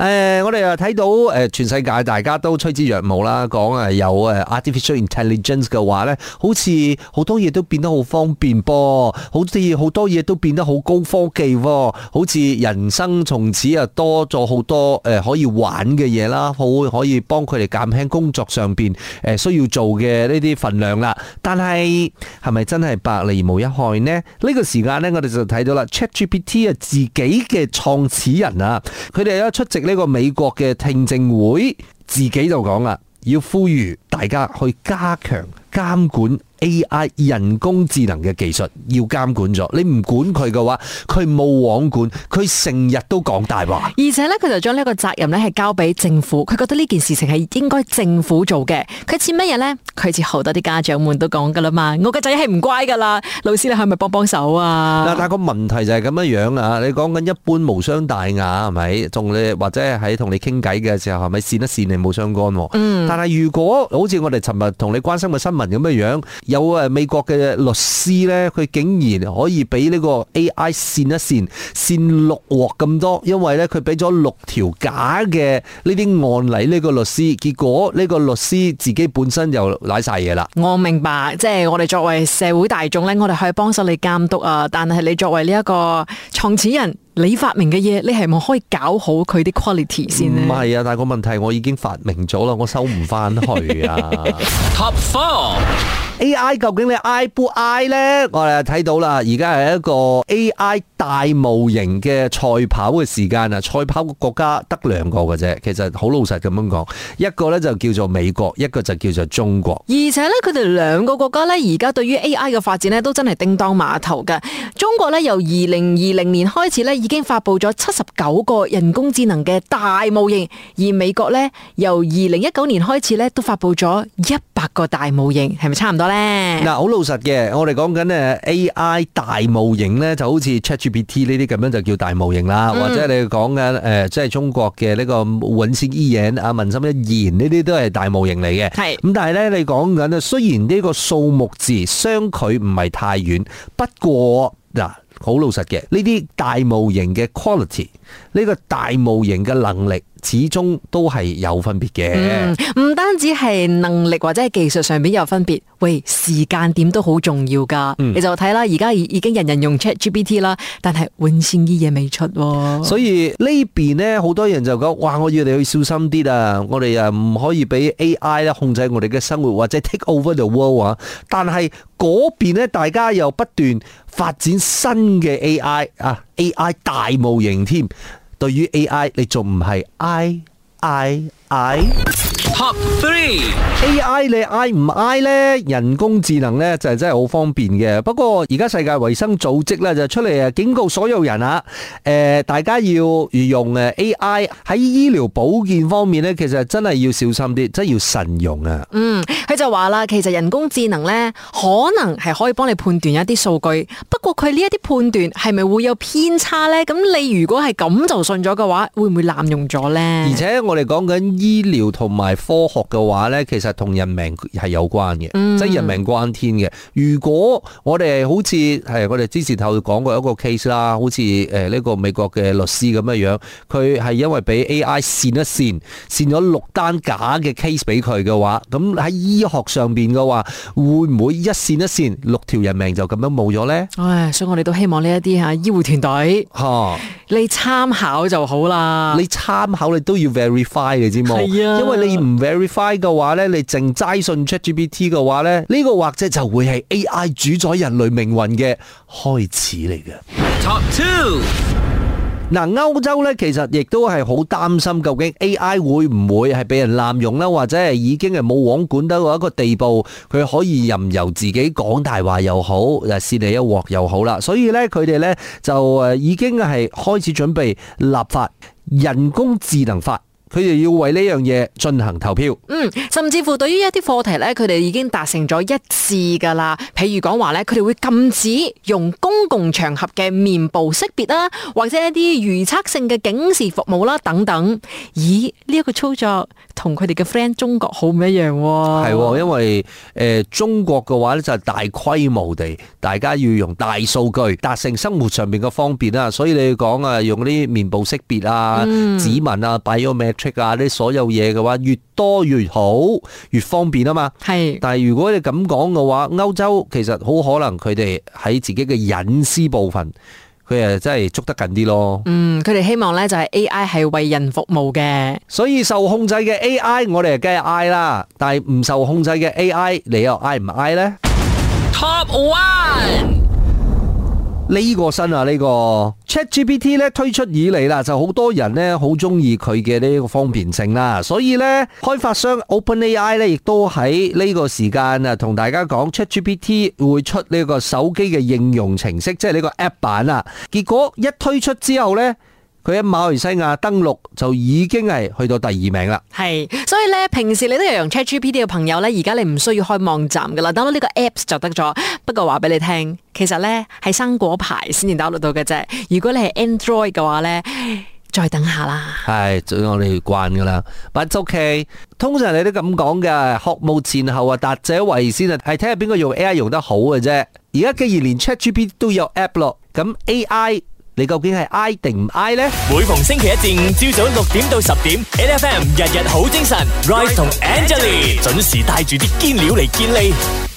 誒、呃、我哋又睇到誒全世界大家都趨之若鶩啦。講啊，有誒 artificial intelligence 嘅話咧，好似好多嘢都變得好方便噃，好似好多嘢都變得好高科技喎，好似人生從此啊多咗好多誒可以玩嘅嘢啦，好可以幫佢哋減輕工作上邊誒需要做嘅呢啲份量啦。但係係咪真係百利無一害咧？呢、這個時間咧，我哋就睇到啦，ChatGPT 啊自己嘅創始人啊，佢哋有出席咧。呢個美國嘅聽證會自己就講啦，要呼籲大家去加強監管。A.I. 人工智能嘅技術要監管咗，你唔管佢嘅話，佢冇網管，佢成日都講大話。而且呢，佢就將呢個責任呢係交俾政府，佢覺得呢件事情係應該政府做嘅。佢似乜嘢呢？佢似好多啲家長們都講噶啦嘛，我個仔係唔乖噶啦，老師你係咪幫幫手啊？嗱，但係個問題就係咁樣樣啊！你講緊一般無傷大雅係咪？仲或者係喺同你傾計嘅時候係咪扇得善你冇相干，啊？嗯。但係如果好似我哋尋日同你關心嘅新聞咁樣樣。有誒，美國嘅律師咧，佢竟然可以俾呢個 AI 線一線線六鑊咁多，因為咧佢俾咗六條假嘅呢啲案例，呢個律師，結果呢個律師自己本身就賴晒嘢啦。我明白，即係我哋作為社會大眾咧，我哋可以幫手你監督啊，但係你作為呢一個創始人。你發明嘅嘢，你係咪可以搞好佢啲 quality 先？唔係啊，但係個問題我已經發明咗啦，我收唔翻去啊！Top four AI，究竟你 I 不 I 咧？我哋睇到啦，而家係一個 AI 大模型嘅賽跑嘅時間啊！賽跑嘅國家得兩個嘅啫，其實好老實咁樣講，一個咧就叫做美國，一個就叫做中國。而且咧，佢哋兩個國家咧，而家對於 AI 嘅發展咧，都真係叮當馬頭嘅。中國咧，由二零二零年開始咧。已經發佈咗七十九個人工智能嘅大模型，而美國呢由二零一九年開始呢都發佈咗一百個大模型，係咪差唔多呢？嗱、嗯，好老實嘅，我哋講緊 AI 大模型呢，就好似 ChatGPT 呢啲咁樣就叫大模型啦，嗯、或者你講緊誒、呃、即係中國嘅呢、這個混血醫影阿文心一言呢啲都係大模型嚟嘅。係咁，但係呢，你講緊，雖然呢個數目字相距唔係太遠，不過嗱，呃好老實嘅，呢啲大模型嘅 quality，呢個大模型嘅能力始終都係有分別嘅。嗯、唔單止係能力或者係技術上面有分別，喂，時間點都好重要噶、嗯。你就睇啦，而家已經人人用 ChatGPT 啦，但係完善啲嘢未出、哦，所以呢邊呢，好多人就講，哇，我要你去小心啲啦，我哋啊唔可以俾 AI 咧控制我哋嘅生活或者 take over the world 啊。但係嗰邊呢，大家又不斷發展新。嘅 AI 啊，AI 大模型添，對於 AI 你仲唔係 I I I？Top 3 AI 你挨唔挨呢？人工智能呢，就係真係好方便嘅。不過而家世界衛生組織呢，就出嚟警告所有人啊，誒、呃、大家要用誒 AI 喺醫療保健方面呢，其實真係要小心啲，真係要慎用啊。嗯，佢就話啦，其實人工智能呢，可能係可以幫你判斷一啲數據，不過佢呢一啲判斷係咪會有偏差呢？咁你如果係咁就信咗嘅話，會唔會濫用咗呢？而且我哋講緊醫療同埋。科學嘅話呢，其實同人命係有關嘅，嗯，即係人命關天嘅。如果我哋好似係我哋之前頭講過一個 case 啦，好似誒呢個美國嘅律師咁樣樣，佢係因為俾 AI 線一線，線咗六單假嘅 case 俾佢嘅話，咁喺醫學上邊嘅話，會唔會一線一線六條人命就咁樣冇咗呢？唉，所以我哋都希望呢一啲吓醫護團隊。 你參考就好啦。你參考你都要 verify 嘅，知冇？係啊，因為你唔 verify 嘅話咧，你淨齋信 ChatGPT 嘅話咧，呢個或者就會係 AI 主宰人類命運嘅開始嚟嘅。Top two。嗱，歐洲咧其實亦都係好擔心，究竟 AI 會唔會係俾人濫用啦，或者係已經係冇王管得到一個地步，佢可以任由自己講大話又好，誒，扇你一鑊又好啦。所以咧，佢哋咧就誒已經係開始準備立法人工智能法。佢哋要為呢樣嘢進行投票。嗯，甚至乎對於一啲課題呢，佢哋已經達成咗一致噶啦。譬如講話呢，佢哋會禁止用公共場合嘅面部識別啦，或者一啲預測性嘅警示服務啦，等等。咦，呢一個操作？同佢哋嘅 friend 中國好唔一樣，哦，喎？係，因為、呃、中國嘅話咧就係大規模地，大家要用大數據達成生活上面嘅方便啦。所以你講啊，用啲面部識別啊、嗯、指紋啊、biometric 啊，啲所有嘢嘅話越多越好，越方便啊嘛。係，但係如果你咁講嘅話，歐洲其實好可能佢哋喺自己嘅隱私部分。佢誒，真係捉得緊啲咯。嗯，佢哋希望咧就係 A I 係為人服務嘅，所以受控制嘅 A I 我哋梗係嗌啦。但係唔受控制嘅 A I，你又嗌唔嗌呢？Top one。呢個新啊，呢個 ChatGPT 咧推出以嚟啦，就好多人咧好中意佢嘅呢個方便性啦，所以咧開發商 OpenAI 咧亦都喺呢個時間啊，同大家講 ChatGPT 會出呢個手機嘅應用程式，即係呢個 App 版啊。結果一推出之後咧。佢喺馬來西亞登陸就已經係去到第二名啦。係，所以咧平時你都有用 ChatGPT 嘅朋友咧，而家你唔需要開網站噶啦 download 呢個 apps 就得咗。不過話俾你聽，其實咧係生果牌先至打 download 到嘅啫。如果你係 Android 嘅話咧，再等下啦。係，最我哋慣噶啦。but OK，通常你都咁講嘅，學無前後啊，達者為先啊，係睇下邊個用 AI 用得好嘅啫。而家既然連 ChatGPT 都有 app 咯，咁 AI。你究竟係 AI 定唔 AI 呢？每逢星期一至五朝早六點到十點，Ai FM 日日好精神，Rise 同 Angelie 準時帶住啲堅料嚟見你。